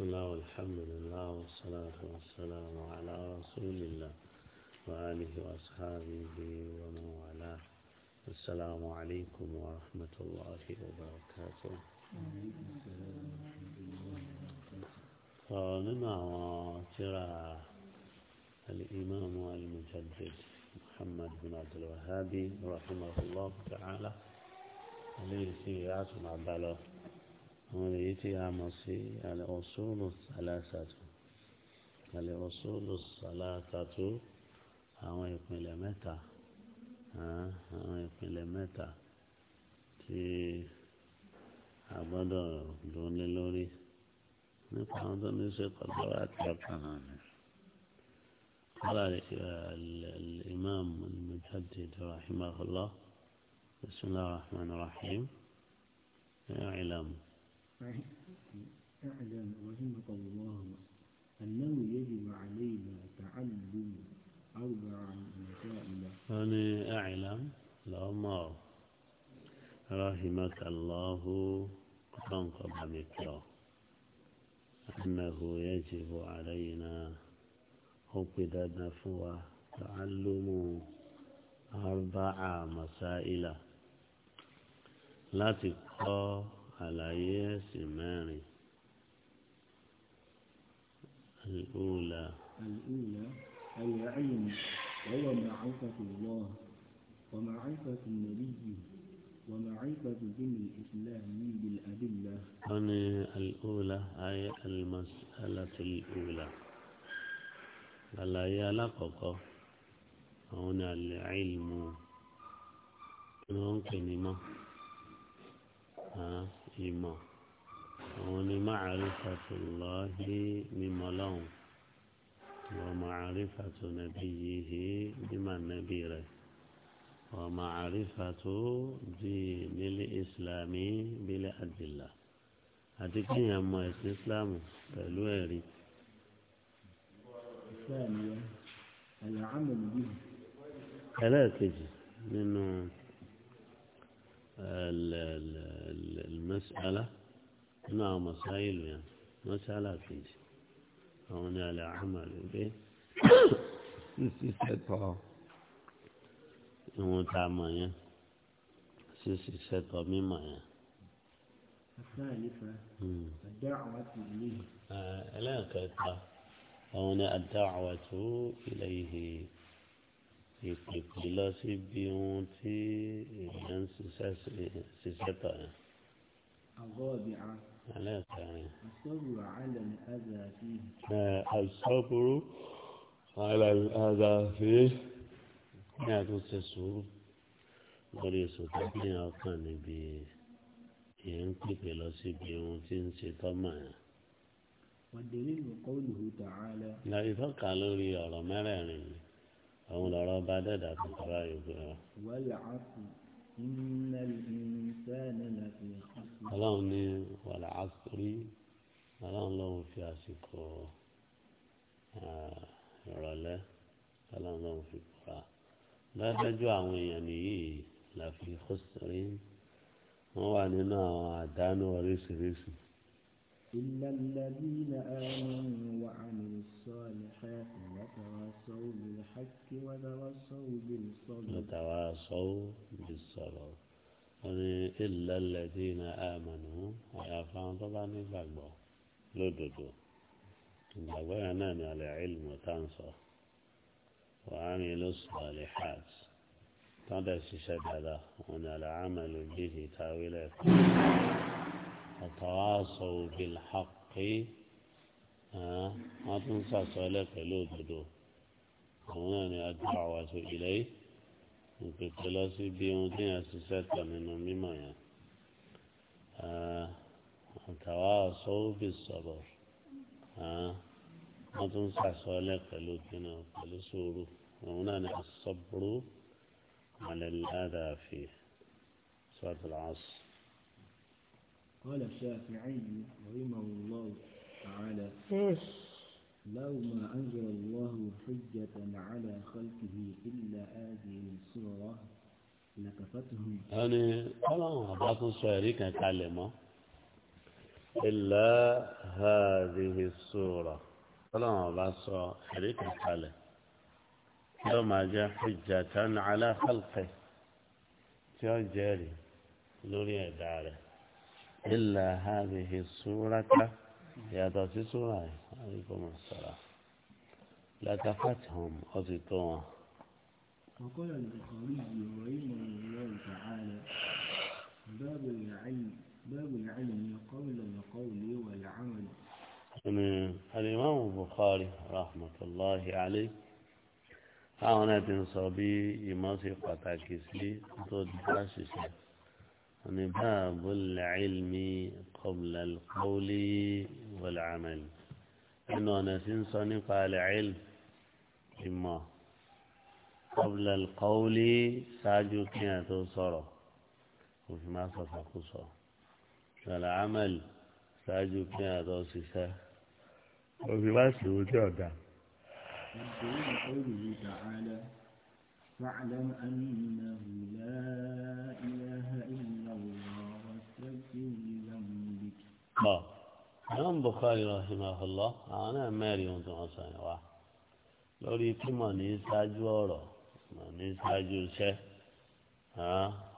بسم الله والحمد لله والصلاة والسلام على رسول الله وآله وأصحابه ومن والاه السلام عليكم ورحمة الله وبركاته فنمع ترى الإمام المجدد محمد بن عبد الوهاب رحمه الله تعالى عليه سيئات مع هذه تيامسي مصي على اصول الثلاثة على اصول mẹ́ta او ìpìlẹ̀ متى tí a gbọ́dọ̀ lóní lórí nípa àwọn tó ní ṣe pẹ̀lú àtàkùn náà ni. قال الإمام المجدد رحمه الله بسم الله الرحمن الرحيم اعلم اعلم رحمك الله أنه يجب علينا تعلم أربع مسائل أنا أعلم الأمر رحمك الله تنقض مكره أنه يجب علينا أبدا فوا تعلم أربع مسائل لا تقرأ على ẹ̀sìn الأولى الأولى العلم هو معرفة الله ومعرفة النبي ومعرفة دين الإسلام بالأدلة هنا الأولى أي المسألة الأولى على يا àwọn هنا العلم àìlmù tí wọ́n ìmọ̀ òun ni ma'rifatullahi mímọ̀ ọlọ́run wa ma'rifatu nabiyyihi mímọ̀ nàbí rẹ̀ wa ma'rifatu dinil islami bil adilla àti kéèyàn mọ ẹ̀sìn islam pẹ̀lú ẹ̀rí. ẹlẹ́ẹ̀kejì nínú. المسألة هنا مسائل يعني مسألة فيه هنا لا عمل به سيسيسيتو متعمية سيسيسيتو مما الثالثة الدعوة إليه آه، لا كتا هنا الدعوة إليه ìpèpè lọ síbi ohun tí èèyàn ń ṣiṣẹ́ ṣiṣẹ́ tọ̀ yẹn. الرابعة الصبر على الأذى فيه على الأذى فيه ní àtúnṣe sùúrù lórí èso tó ní ọkàn níbi èyí ń pèpè lọ síbi ohun tí ń ṣe tọ́mà yẹn. والدليل قوله تعالى. ìtọ́ka lórí ọ̀rọ̀ mẹ́rẹ̀ẹ̀rin yìí àwọn lọ́rọ̀ bá dẹ́dà tó kọ́ra ìwé wọn. ọlọ́run ní wàlẹ̀ àsìrí ọlọ́run lọ́hùn fi àsìkò eh, ìrọ̀lẹ́ ọlọ́run lọ́hùn fi kọ́ra lọ́dọ́jú àwọn èèyàn nìyí làfi kọ́sìrín wọ́n wà nínú àwọn àdánù oríṣiríṣi. إلا الذين آمنوا وعملوا الصالحات وتواصوا بالحق وتواصوا بالصبر وتواصوا بالصبر إلا الذين آمنوا ويفعلون طبعا يفعلوا لدودو ìgbàgbọ́ yẹn náà ni alẹ́ الصالحات تدرس ń sọ wàhání ló sọ وتواصوا بالحق آه، ما تنسى صلاة لودو هنا الدعوة إليه وكتلاسي بيوتي أسسات من مما آه، وتواصوا بالصبر آه، ما تنسى صلاة لودنا وكالسورو وهنا الصبر على الأذى فيه سورة العصر قال الشافعي رحمه الله تعالى لو ما أنزل الله حجة على خلقه إلا هذه السورة لكفتهم يعني طبعا بعض شاريك كلمة إلا هذه السورة طبعا بعض شاريك كلمة لو ما جاء حجة على خلقه جاري لوري داره إلا هذه الصورة يا تاسي صورة عليكم السلام لتفتهم أتتوا وقال البخاري رحمه الله تعالى باب العلم باب العلم قول القول والعمل الإمام البخاري رحمة الله عليه هاونا تنصبي إمام قطع كسلي تود حاسسه يعني باب العلم قبل القول والعمل أنه أنا سنصني قال علم إما قبل القول ساجو كياتو صرا وفي ما صفا قصا والعمل ساجو كياتو سيسا وفي ما سيوتي من قوله تعالى فاعلم أنه لا إله باب امام بخاري رحمه الله انا ماري وانت حسين واحد lórí tí mo ní ṣáájú ọ̀rọ̀ mo ní ṣáájú iṣẹ́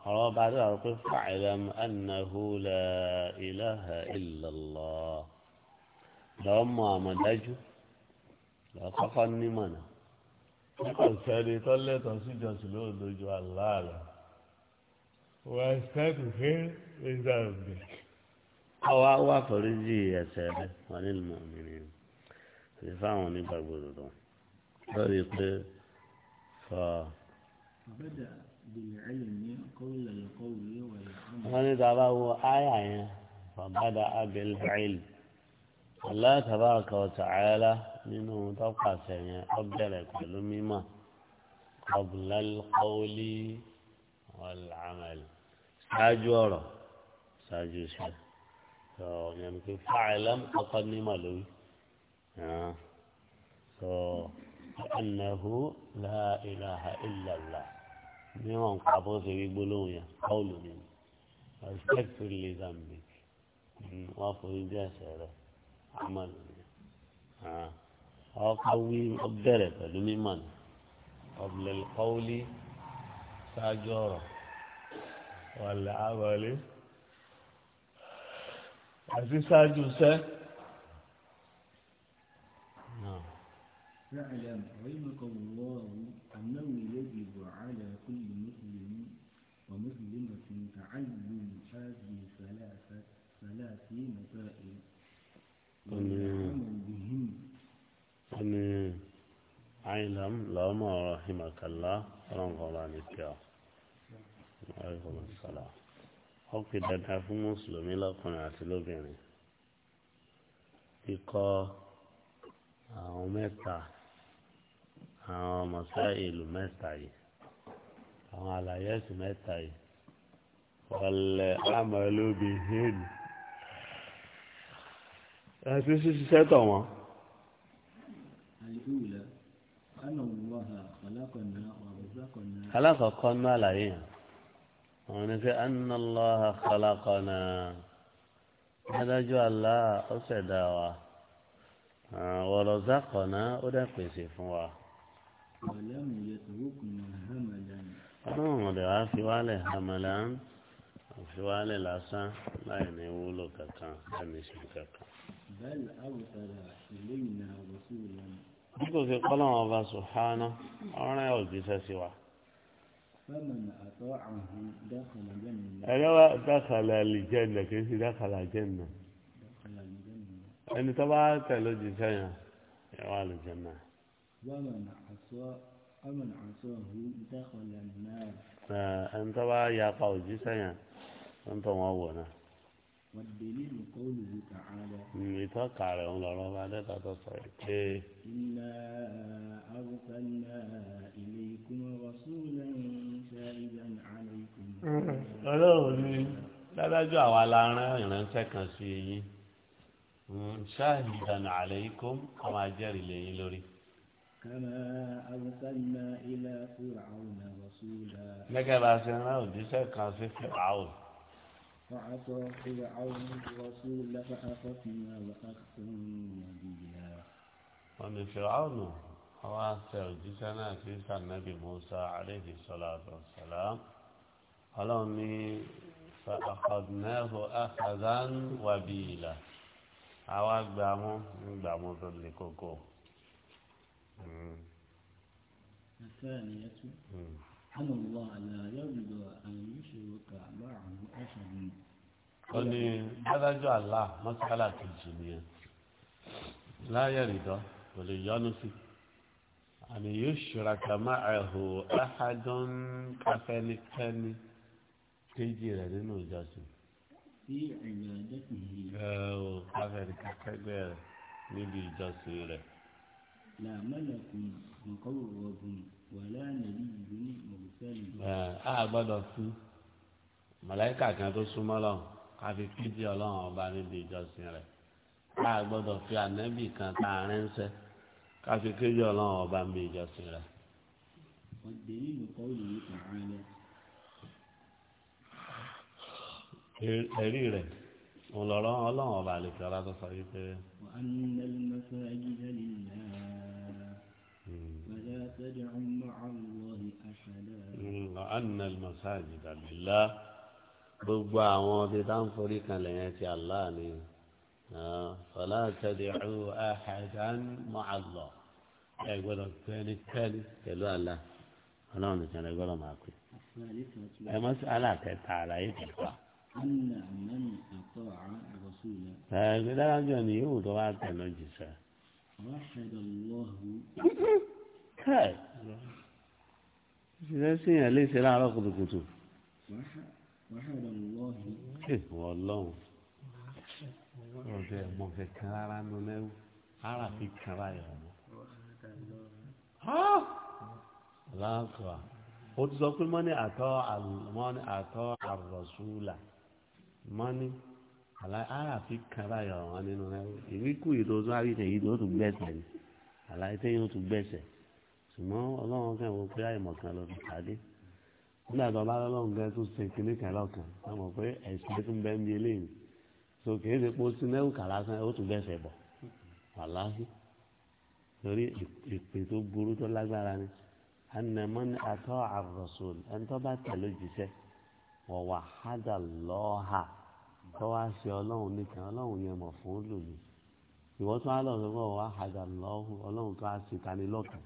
ọ̀rọ̀ bá dé àwọn pé fàìlám annahu la ilaha illallah lọ́ọ́ mọ àmọ̀dájú lọ́ọ́ kọ́kọ́ nímọ̀ náà kò sẹ́ni tó lẹ́tọ̀ọ́ síjọsìn lóòdójú aláàlá wọ́n ṣẹ́kù fún ìdáhùn bẹ́ẹ̀. àwa wà foríjì ẹ̀ṣẹ̀ rẹ̀ wà nílùú mọ̀mìnì àti fáwọn onígbàgbọ́ òdodo lórí pé fọ. wọ́n ní tàbá wo áyà yẹn fàbádà abel bàìlì Allah tabaraka wa ta'ala nínú tọ́pàṣẹ yẹn ó bẹ̀rẹ̀ pẹ̀lú mímọ́ qabla al ṣáájú ọ̀rọ̀ ṣáájú iṣẹ́ so ìyẹn ni pé fàìlẹ́m kọ́kọ́ ní màlúwì so anahu la ilaha illallah ní wọn kà bó ṣe rí gbólóhùn yẹn káwọlù ni respect lè zambi wọn forí bí ẹsẹ rẹ amalu ni ah. ọkọ wí ọbẹrẹ pẹ̀lú mímọ̀ ni ọbẹlẹ kọwọlì ṣáájú ọ̀rọ̀ wàlẹ àbọlẹ. àti ṣáájú sẹ́. فاعلم رحمك الله أنه يجب على كل مسلم ومسلمة تعلم هذه ثلاثة ثلاث مسائل والعمل بهن. أمين. أعلم لما رحمك الله رحمك الله عليك. يا عليكم السلام. ó pè dandan fún mùsùlùmí lọ́kùnrin àti lóbìnrin kíkọ́ àwọn mẹ́ta àwọn mọ̀sá ìlú mẹ́ta yìí àwọn àlàyé ẹ̀sìn mẹ́ta yìí ọ̀lẹ̀ àmọ́lóbi hẹ́ẹ̀lì ẹ̀sìn ṣiṣẹ́ tọ̀ wọ́n. alákọ̀ọ́kọ́ ní àlàyé yẹn àwọn ní fẹ́ análáha kálákọ́nà adájọ́ àlá ó ṣẹ̀dá wa wọ̀lọ́sà kọ̀nà ó dẹ̀ pèsè fún wa. ọlọ́run ọ̀dẹ̀ wá fi wálẹ̀ hàmàlà ń fi wálẹ̀ lásán láì ní wúlò kankan láì ṣe kankan. bí kò fi kọ́lọ́wọ́n ọba sùhánà ọ̀rẹ́ òjíṣẹ́ sí wa ẹ̀rọ wa dákàlà àlìjẹ́nà kì í sì dákàlà àjẹ́nà ẹni tó bá tẹ̀lé jíṣẹ́ yẹn ẹ̀wọ̀n àlìjẹ́nà. ẹni tó bá yapa òjíṣẹ́ yẹn ń tọ́ wọn wọ̀ náà. والدليل قوله تعالى ميثاق على الله ما لا تتصيب إنا أرسلنا إليكم رسولا شاهدا عليكم ọlọ́run dájú àwa la rán ìránṣẹ́ kan sí yín ṣáàhìdàn hmm, àlẹ́yìnkóm a máa jẹ́rìí lẹ́yìn lórí. gẹ́gẹ́ bá a ṣe rán òjíṣẹ́ kan sí fìlà فعصى فرعون الرسول فأخذنا وأخذنا نبيا ومن فرعون هو ترجسنا في النبي موسى عليه الصلاة والسلام ألوني فأخذناه أخذا وبيلا أواك بامو بامو تدلي كوكو الثانية wọ́n ní dádájọ́ àlá mọ́sálà kejì nìyẹn láyé rìdọ́ kò lè yọnu sí àmì yóò ṣura kàmá ẹ̀hó áhádọ́n káfẹ́nikẹ́ni kejì rẹ̀ nínú ìjọsìn. sí ẹ̀yà ìjọsìn yìí. ẹ̀hó káfẹ́nikẹ́gbẹ́ rẹ̀ níbi ìjọsìn rẹ̀. làmọ́lẹ̀kùn nǹkan òwò ọ̀gbìn a gbọ́dọ̀ fi mọ̀lẹ́kà kan tó súnmọ́ lọ́hùn ká fi fídíò ọlọ́run ọba níbi ìjọsìn rẹ̀ a gbọ́dọ̀ fi ànẹ́bì kan tá a rẹ́ńsẹ́ ká fi fídíò ọlọ́run ọba níbi ìjọsìn rẹ̀. ẹ̀rí rẹ̀ òun lọ́rọ́ ọba àlejò alákọ̀ọ́sọ yìí pé. wà á ní فلا تدعوا مع الله أحدا أن المساجد لله gbogbo àwọn ọdẹ tá ń forí kanlẹ̀ yẹn ti Allah ni fọlá tẹ̀dẹ̀ẹ́rù ahadan mọ́àlọ́ ẹ gbọ́dọ̀ pẹ́ẹ́nipẹ́ẹ́ni pẹ̀lú Allah ọlọ́run nìkan ẹ gbọ́dọ̀ máa pè ẹ mọ́ sí aláàtẹ̀ta ara yìí ti pa. ẹ gbẹ́dára jọ ni yóò tó bá tẹ̀lé jù sẹ́ káì ìṣẹ́ sí yẹn lè ṣe láàárọ̀ kùtùkùtù. ọlọ́run ọ̀dọ̀ ẹ̀mọ́ kẹ̀kẹ́ rárá nu lẹ́wù ara fi kàn báyọ̀ mọ́. láàkùrà ó ti sọ pé mọ́ni àtọ́ mọ́ni àtọ́ àrọ̀sùlà mọ́ni ara fi kàn báyọ̀ mọ́ nínú lẹ́wù ìwíkú ìdòzó àríkè yìí ló tún gbẹ̀sẹ̀ ni àlàyé téèyàn tún gbẹ̀sẹ̀ ṣùgbọ́n ọlọ́run kẹ́ wo pé àìmọ̀kan lọ fi pàdé nígbà tó bá lọ́lọ́run gan tó ṣe kínní kan lọ́kàn wọ́n mọ̀ pé ẹ̀sìn tún bẹ́ẹ̀ ń bí eléyìí so kìí ṣe pé ó ti mẹ́wù kà lásán ó tún bẹ́ẹ̀ fẹ́ bọ̀ wàláhì torí ìpè tó burú tó lágbára ni anamọ́ ni atọ́ ar ẹni tó bá tẹ̀lé òjíṣẹ́ wọ̀wà hádà lọ́ọ̀hà tó wá ṣe ọlọ́run nìkan ọlọ́run yẹn mọ̀ fún lùmí ìwọ́n tó wá lọ́ọ̀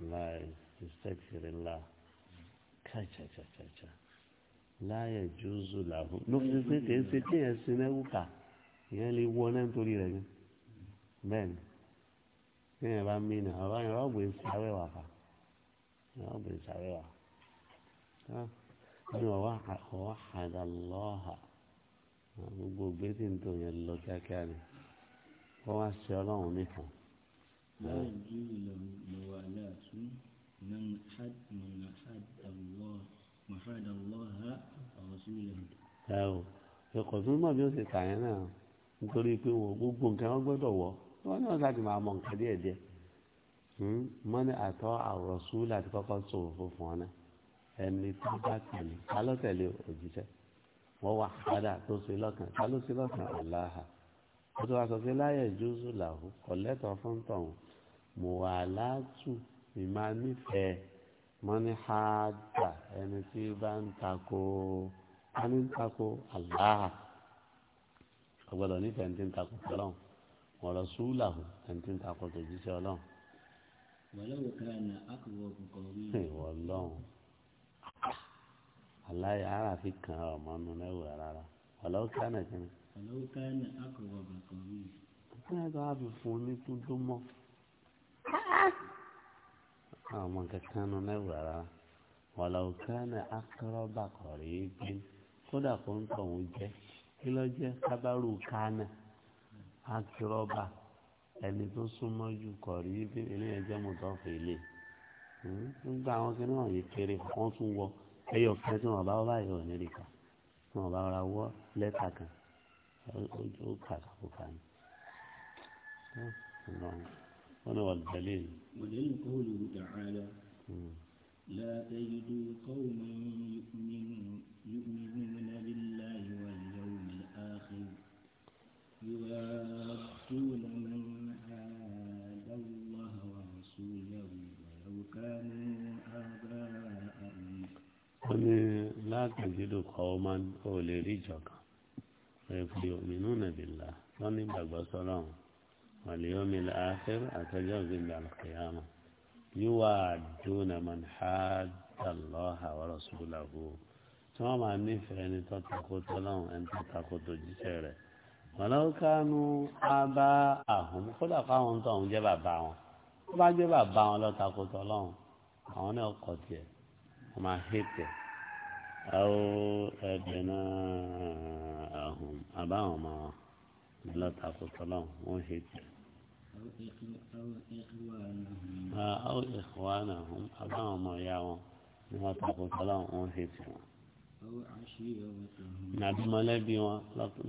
لا يستغفر الله كاچا كاچا كاچا لا يجوز له لو في سي كي سي كي سنه وكا ìyẹn lè wọ náà nítorí rẹ̀ ni bẹ́ẹ̀ ni bí yẹn bá ń mìíràn ọba yẹn ọgbẹ ìsàwẹ wà fà ọgbẹ ìsàwẹ wà ní ọwọ ọwọ àdàlọhà gbogbo gbèsè ń tó yẹn lọ kíákíá ni wọn wá ṣe Ọlọ́run nìkan ẹ o ẹ̀kọ́ tó mọ̀ bí ó ṣe kà yẹn náà nítorí pé wọn gbogbo nǹkan wọn gbọ́dọ̀ wọ wọn náà láti máa mọ nǹkan díẹ̀ díẹ̀ hmm? mọ́ni àtọ́ àwòrán-sù láti kọ́kọ́ sọ̀rọ̀ fún ọ náà ẹni tó bá tẹ̀lé ta ló tẹ̀lé òjíṣẹ́ wọ́n wà padà tó ṣe lọ́kàn ta ló ṣe lọ́kàn ọ̀la ha ó ti wá sọ pé láyé jùzù làwù kọ̀lẹ́tọ̀ fún tọ̀hún mùwàlátù ìmá nífẹ̀ẹ́ mọ́níhàdà ẹni tí bá ń takò á ní ń takò aláà ọgbọ́dọ̀ nífẹ̀ẹ́ ẹni tí ń takò ọlọ́run ọ̀rọ̀ súlàhù ẹni tí ń takò tòjíṣẹ́ ọlọ́run. wọ́lọ́wọ́ kára ní akọ̀wé ọ̀kọ̀ọ̀kan wí. ìwọ̀lọ́run aláì ara fi kàn ọ́ mọ́nú lẹ́wọ̀ rárá ọ̀lọ́wọ́ kára ní kíni. ọ̀lọ́wọ́ kára ní akọ̀wé ọ̀kọ̀ọ̀kan wí. ọ̀kẹ́ àwọn kankan nu mẹ́wàá rárá wàlàó kánà akọrọba kọrọ ẹgbẹ kódà kó ń tọ̀ wọn jẹ kí ló jẹ kábàrú kánà akọrọba ẹni tó súnmọ́ ju kọrọ ẹgbẹ eléyẹn jẹ́ mọ̀tọ́fẹ́ ilé hmm? nígbà àwọn kí náà yìí kéré wọ́n tún wọ ẹyọ kan tí wọn bá wọ báyìí ò ní rí kan tí wọn bá ra wọ lẹ́tà kan ó kà kó kà ní. أنا والدليل ودليل قوله تعالى لا تجد قوما يؤمنون بالله واليوم الآخر يوافون من هاد الله ورسوله ولو كانوا آباءهم لا تجد قوما أولي رجاك أيوة، يؤمنون بالله لن يبقى صلاهم واليوم الآخر أتجاوز إلى القيامة يوعدون من حاد الله ورسوله ثم نفع أن تتقوت لهم أن تتقوت جسره ولو كانوا آباءهم خدا قاهم تهم جبا باهم وبا جبا باهم لا تقوت لهم àwọn náà kọ tiẹ̀ أو máa hé tiẹ̀ àwọn ẹgbẹ́ náà àhùn àbáwọn ọmọ أو إخوانهم أباهم وياهم نما تقول كلام أنهيت nàbí mọ̀lẹ́bí wọn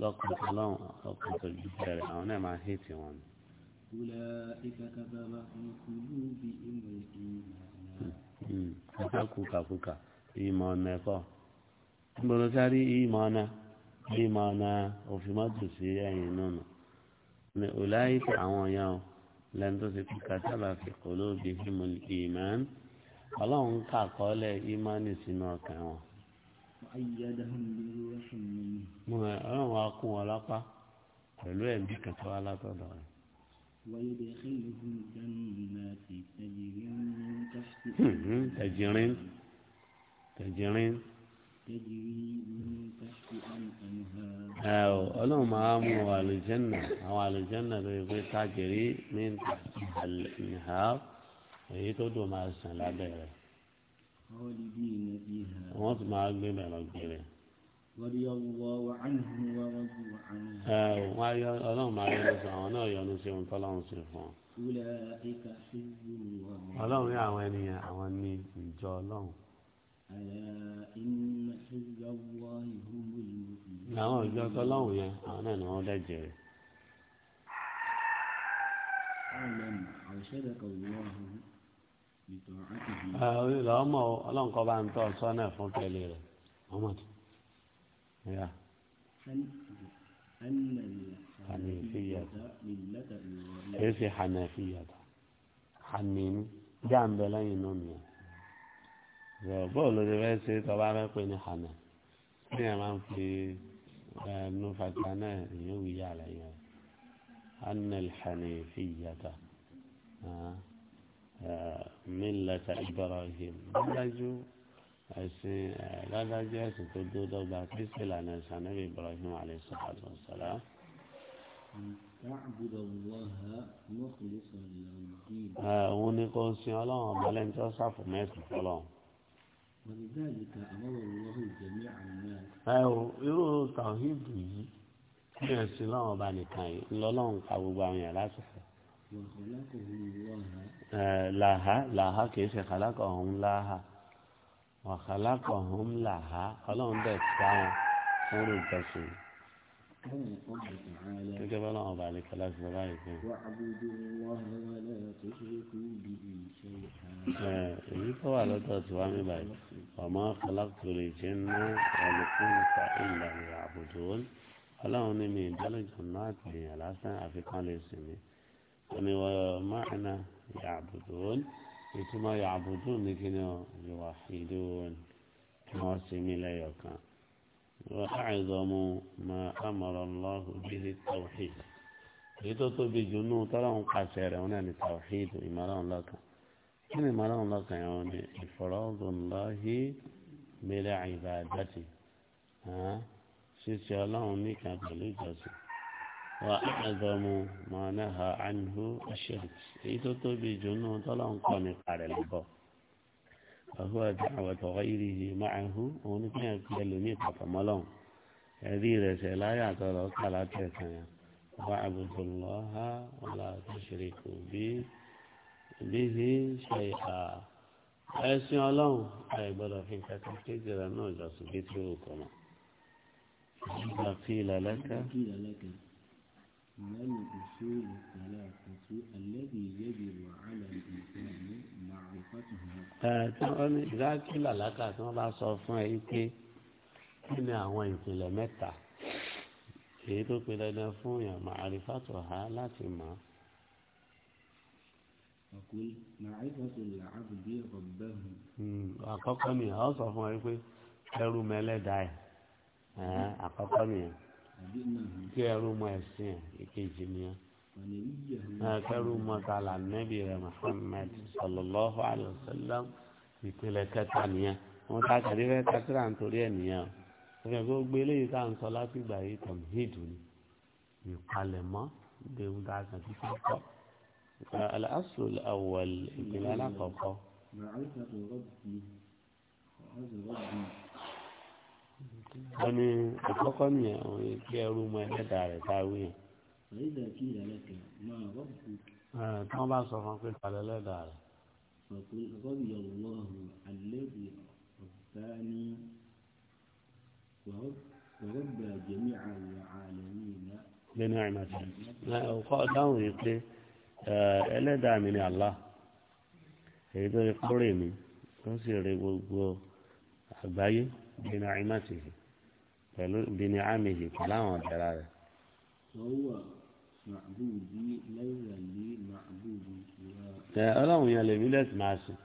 lọ́kàn ọlọ́run ọkàn tó ju bẹ̀rẹ̀ àwọn náà máa hé tí wọn. ọ̀sán kúkàkúkà ìmọ̀ ọ̀nà ẹ̀kọ́ gbọ́dọ̀ sáré ìmọ̀ ọ̀nà ìmọ̀ ọ̀nà òfin mọ́tò sí ẹ̀yìn nínú ní ọláyíkà àwọn yàn lẹ́nu tó ti kíkà sábà fi kòló bí himu ìmán ọlọ́run kà kọ́lẹ̀ ìmánì sínú ọkàn wọn. mo rẹ̀ ọlọ́run wa kún wọn lápá pẹ̀lú ẹ̀mí kẹta wa látọ̀dọ̀ rẹ̀. tẹ̀jìrín ọlọ́run máa mú àwọn àlùjẹ́nà àwọn àlùjẹ́nà tó yẹ pé tájẹ̀rí ní ìhà èyí tó dùn máa sàn lábẹ́ rẹ̀ wọ́n sì máa gbé bẹ̀rẹ̀ gbére. ọlọ́run máa yọ lọ́sọ̀ àwọn náà yọnu sí ohun tọ́lọ́run sì fún ọ. ọlọ́run ní àwọn ènìyàn àwọn ní ìjọ ọlọ́run àwọn ọjọ́ tọ́láwọ̀ yẹn àwọn náà ni wọ́n dẹ̀jẹ̀ rẹ̀. àwọn ìlà ọmọ ọlọ́nkọ́ bá ń tọ́ sọ́nà fún tẹ̀lé rẹ̀ ọmọ tó yà. hanifiyata èyí sì hanifiyata náà nìyẹn bọ́ọ̀lù ló fẹ́ ṣe tọ́ba mẹ́pẹ́ ní hànà ní ẹ̀ máa ń fi ẹnu fàtà náà èyí wù yà lẹ́yìn rẹ̀ anil hanifiyata millata ibrahim dájú ẹ̀sìn dájú ẹ̀sìn tó dó dọ́gba kristi lànà sànẹ́bí ibrahim alayhi salatu wa salam. ń sin ọlọ́run ọba lẹ́ni tó sáfù mẹ́sàn-án fọlọ́run ẹ o irú tàwíìdù yìí kí ẹ sí lọ́wọ́ ọba nìkan yìí ńlọ́lọ́run pa gbogbo àwọn yàrá sọ̀rọ̀. làhá làhá kìí ṣe kàlákọ̀ ọ̀hún láhá wàhálà kọ̀ ọ̀hún làhá ọlọ́run bẹ̀ tí àwọn fún ìjọsìn gẹ́gẹ́ bá lọ́wọ́ balẹ̀ kọ́lá sí bàbá yìí pé. èyí tó wà lọ́dọ̀ tí wàá mi báyìí ọmọ kọlákùtùrì jẹ́ ná ọ̀lùkún nípa ìlà ìyá àbùdó ọlọ́run ní mi ìdálẹ́jọ náà tẹ̀yìn lásán àfikún lè sìn mí. ẹni wọ́n máàna ìyá àbùdó ìtumọ̀ ìyá àbùdó ní kí ni ìwà ìdíwọ̀n kí wọ́n sinmi lẹ́yọ̀ وأعظم ما أمر الله به التوحيد يتوتو بجنو ترون قاسر هنا التوحيد إماران لك كن إماران لك يعني إفراد الله بلا عبادته ها سيسي الله نيك بلجاز وأعظم ما نهى عنه الشرك يتوتو بجنو ترون قاني قارل لك فهو دعوة غيره معه ونكون يلمي قطملون هذه رسالة يعتبر على تلك واعبد الله ولا تشركوا به به شيئا أسمع الله أي fi فيك kéjìlá náà jọ sí bí tí ó kọ̀ mọ́. من أصول الثلاثة الذي يجب على الإنسان معرفتها. تمام إذا كل لك تمام صفن أيك من أهوان كل متى èyí tó pe dandan fún yàn màrífàtò ha láti mọ̀. Hmm, àkọ́kọ́ nìyẹn ọ sọ fún ẹ pé ẹrú mẹ́lẹ́dàá ẹ̀ àkọ́kọ́ nìyẹn kẹrù mọ ẹsìn ìkejì nìyẹn kẹrù mọ tààlà nẹbi rẹ Muhammad sallallahu alayhi wa sallam ìpínlẹ̀ kẹta nìyẹn wọn ta kàdé fẹ kásìrà nítorí ẹ nìyẹn o ìfẹ́ kó gbé eléyìí tá à sọ láti gbà yìí tọm hídù ni ìpalẹ̀mọ́ déhùn tá a kàn sí kọkọ aláṣọ àwọl ìpínlẹ̀ alákọọkọ wọ́n ní àkọ́kọ́ nìyẹn àwọn ìgbé ẹrú mọ ẹlẹ́dà rẹ̀ táwé yẹn. tí wọ́n bá sọ fún pé palẹ̀ ẹlẹ́dà rẹ̀. bẹ́ẹ̀ni àìmọ̀tì ọkọ̀ dáhùn yìí pé ẹlẹ́dàá mi ni Allah èyí tó rí kórè mi tó sì rí gbogbo àgbáyé bẹ́ẹ̀ni àìmọ̀tì yìí pẹ̀lú bíní àmìhì pẹ̀lú àwọn ọ̀dẹ́ra rẹ̀. ọlọ́run yẹn lèmi lẹ́sìn máa sìn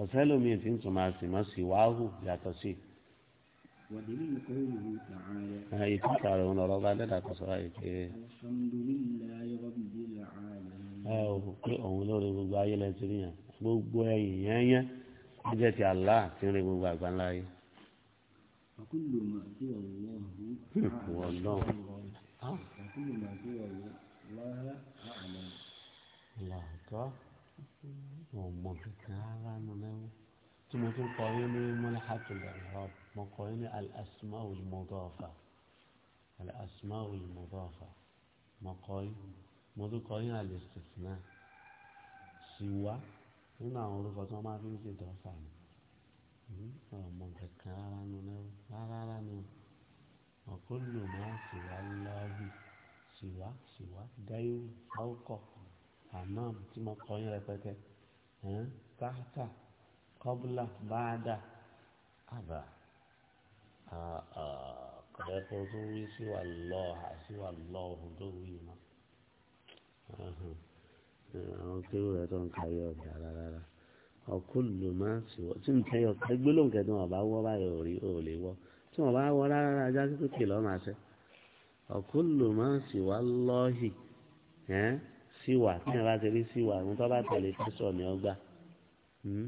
ọ̀sẹ́ lómi ti ń tún máa sìn mọ́ sí wàhù yàtọ̀ sí. ìtúkà rẹ̀ ń lọ́rọ́ bá dẹ́dà kọ́ sọ́ra yìí pé ẹ ò pé òun lórí gbogbo ayé lẹ́sìn yẹn gbogbo ẹ̀yìn yẹn yẹn ó jẹ́ ti Allah tí ń rí gbogbo àgbáńlá yìí. فكل ما سوى الله والله فكل ما سوى الله أعلم الله أكبر ọmọ kankan ara nù lẹ́wọ́ tí mo tún kọ́ yín ní mọ́lẹ́hàtìl ẹ̀rọ̀b mo kọ́ yín ní al-asma al-mudafa al-asma mo kọ́ yín mo tún kọ́ yín al-istithna siwa nínú àwọn orúkọ tí wọ́n máa fi ń ṣe dọ́fà ni ọmọ kankan rárá nu náà rárá nu ọ̀kọ́lù máa ṣìwá láàbì ṣìwá ṣìwá dáírù fáwọkọ̀ amam tí mo kọ́ yín rẹpẹtẹ táàtà kọ́bùlà báàdà àbà kọ̀dẹ́kọ̀ tó wí síwà lọ́ọ̀hà síwà lọ́ọ̀hùn tó wí mọ́ àwọn kéwù rẹ̀ tó ń ka yọ̀ ọ̀dà rárá ọ̀kúlù máa sì wọ́ tí nǹkan yọ ẹgbẹ́ ló ń kẹ́ tí wọ́n bá wọ́ báyìí ò rí ò lè wọ́ tí wọ́n bá wọ́ rárá ajá sí pé kìlọ́ máa ṣe ọ̀kúlù máa sì wá lọ́ọ̀hì ẹ́ síwà tí wọ́n bá ti rí síwà àwọn bá tẹ̀lé tẹ̀sọ̀ ní ọgbà hmm?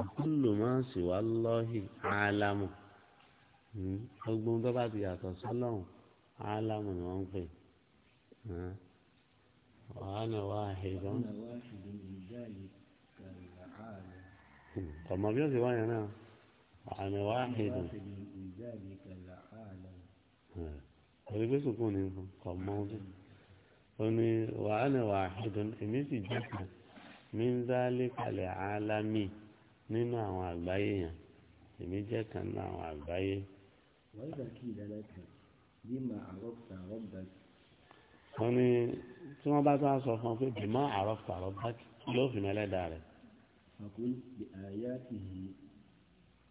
ọ̀kúlù máa sì wá lọ́ọ̀hì álámù ọgbọ́n hmm? tó bá ti yàtọ̀ sọ́lọ́hùn álámù ni wọ́n pè wàhánà wàhánà ọmọ bí ó sì wáyé náà àmì wá hìdùn orí pé sùkún ní kọ̀ mọ́ ọdún ó ní wàá ní wàá hìdùn èmi sì jẹ́ kan mi ń dálé kalẹ̀ álámì nínú àwọn àgbáyé yẹn èmi jẹ́ kan nínú àwọn àgbáyé. wọ́n ní tí wọ́n bá tó a sọ fún ọ pé bímọ àrọ́fà rọ́bà kí ló fi mẹ́lẹ́dàá rẹ̀. فقل بآياته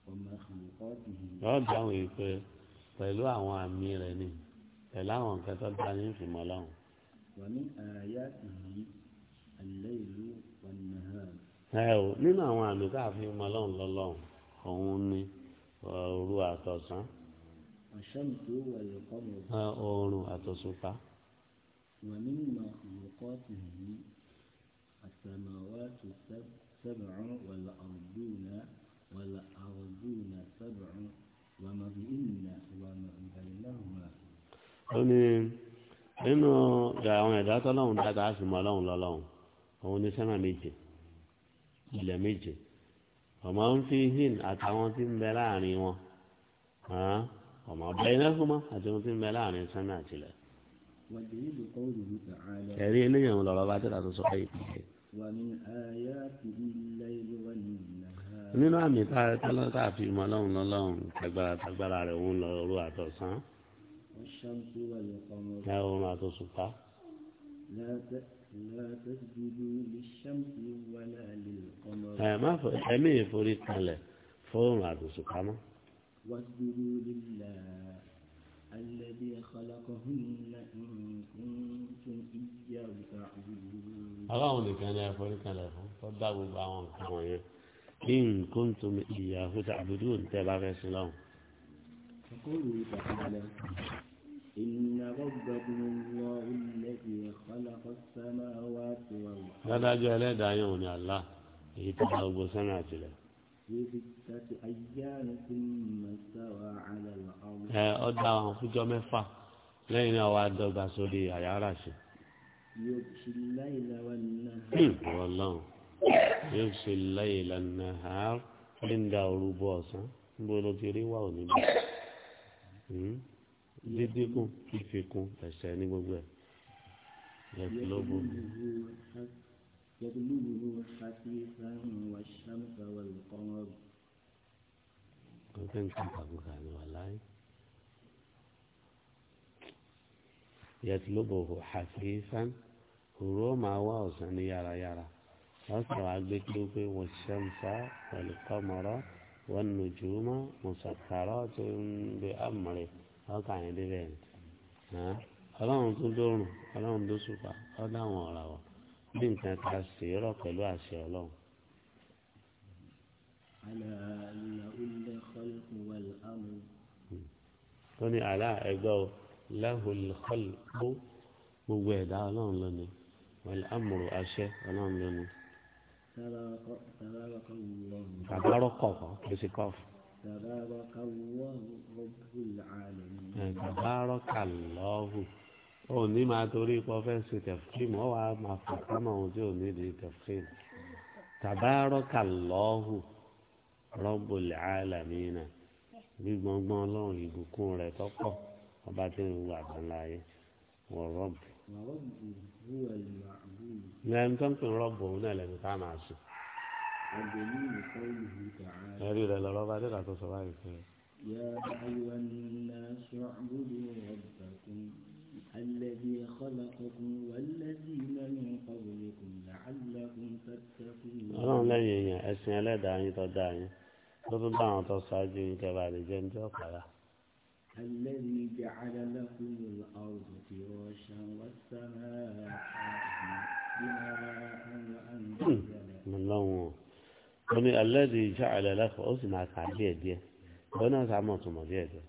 ومخلوقاته yóò dáhùn yìí pé pẹ̀lú àwọn àmì rẹ̀ ni pẹ̀lú àwọn ومن آياته الليل والنهار. ẹ ò nínú àwọn àmì tá a fi mọ lọ́hùn lọ́lọ́hùn òun ni òru àtọ̀sán. àṣàmùtò wà lẹ́kọ́ mi. oòrùn àtọ̀sùpá. ومن مخلوقاته السماوات السبع سبع والأرضون والأرضون سبع ومضئن ومضئنهما أني nínú àwọn ẹ̀dá tọ́lọ́hún dáadáa á sì mọ ọlọ́hún lọ́lọ́hún òun ní sẹ́mà méje ilẹ̀ méje ọmọ ń fi hin àtàwọn tí ń bẹ láàrin wọn ọmọ ọbẹ̀ iná fún mọ́ àti ohun tí ń bẹ láàrin sẹ́mà àtìlẹ̀. ẹ̀rí eléyàwó lọ́rọ̀ bá tẹ̀lé àtúnṣe ọ̀pá yìí nínú àmì tá a tọ́lọ́ tá a fi mọ ọlọ́run lọ́lọ́run tagbára tagbára rẹ̀ ń lọ òru àtọ̀sán ẹ òun àtòṣùpá. ẹ má fọ ẹmí ìforí kalẹ̀ fóònù àtòṣùpá mọ́. wàá dúró lílà. الذي خلقهن إن كنتم إياه تعبدون الله نكان يا فريق له صدقوا بعضهم كمان إن كنتم إياه تعبدون تبع السلام يقول تعالى إن ربكم الله الذي خلق السماوات والأرض لا لا جهل دايون يا الله يتحرب سمعت له في ستة أيام ثم استوى على الأرض ọdá ọ̀hún fújọ́ mẹ́fà lẹ́yìn náà wàá dọ́gba sórí àyà aráṣẹ. yóò ṣe láìla wà náà. Hmm, ọlọ́run yóò ṣe láìla náà ní da bọ ló ti rí wà òní bí. Hmm? dídínkù fífikún ẹ̀ṣẹ̀ ní gbogbo ẹ̀ ẹ̀fọ́ ló gbogbo. يبلغه حثيثا والشمس والقمر يطلبه تنطق هو ما يطلبه حثيثا يرى يرى أسرع بكلوك والشمس والقمر والنجوم مسخرات بأمره هكا عندي بين ها ألا أنتم دونه ألا أنتم سوكا ألا أنتم bí nǹkan ta sì rọ pẹ̀lú àṣẹ ọlọ́run. Hmm. ó ní àlá ẹgbẹ́ o lahul khalqu gbogbo ẹ̀dá ọlọ́run lónìí wal amru àṣẹ ọlọ́run lónìí. tabarọ́kọ̀ kọ́ kí sí kọ́. tabarọ́kọ̀ lọ́hùn ò ní máa torí ipò fẹ́ǹsì tẹ̀fíìmù ọ wàá máa fà kámọ̀ ohun tí ò ní di tẹ̀fíìmù tabarakallahu rabbul alamin gbígbọ́ngbọ́n ọlọ́run ìbùkún rẹ̀ tọ́pọ̀ ọba tí ń wà gbọ́nláyé wọ rọ́ọ̀bù. lẹ́yìn ń pè rọ́ọ̀bù òun náà lẹ́nu ká máa sùn. ẹ̀rí rẹ̀ lọ́rọ́ bá dẹ́ka tó sọ báyìí fún ẹ. الذي خلقكم والذين من قبلكم لعلكم تتقون ọlọ́run lẹ́yìn èèyàn ẹ̀sìn ẹlẹ́dàá yín tó dáa yín tó tún bá àwọn tó ṣáájú yín kẹfà lè jẹ́ ní ọ̀pára. الذي جعل لكم الأرض فراشا والسماء بناء وأنزل wọ́n hmm. ní alẹ́ di ìjà àlẹ́ lẹ́kọ̀ọ́ ó sì máa kà á díẹ̀ díẹ̀ wọ́n náà sá mọ̀ tó mọ̀ díẹ̀ díẹ̀.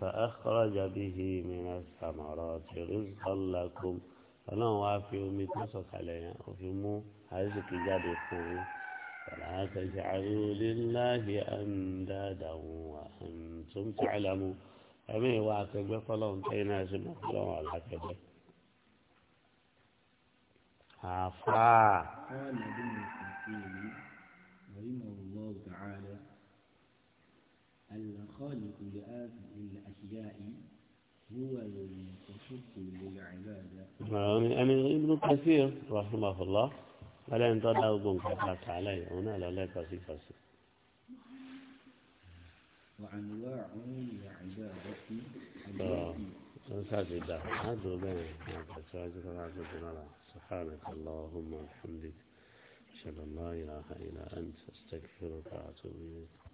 فأخرج به من الثمرات رزقا لكم فلا وافي أمي تسك عليها وفي مو هذه كجاب فلا تجعلوا لله أندادا وأنتم تعلمون أمي واكب فلن تيناس مقلون على كبه عفا قال ابن الحكيم رحمه الله تعالى الخالق لآثم الرجاء هو للعبادة نعم، يعني ابن كثير رحمه الله ولا أن أظن قنقبات عليه هنا لا لا كثير كثير وأنواع العبادة التي آه، هذا سبحانك اللهم وبحمدك أشهد أن لا إله إلا أنت أستغفرك وأتوب إليك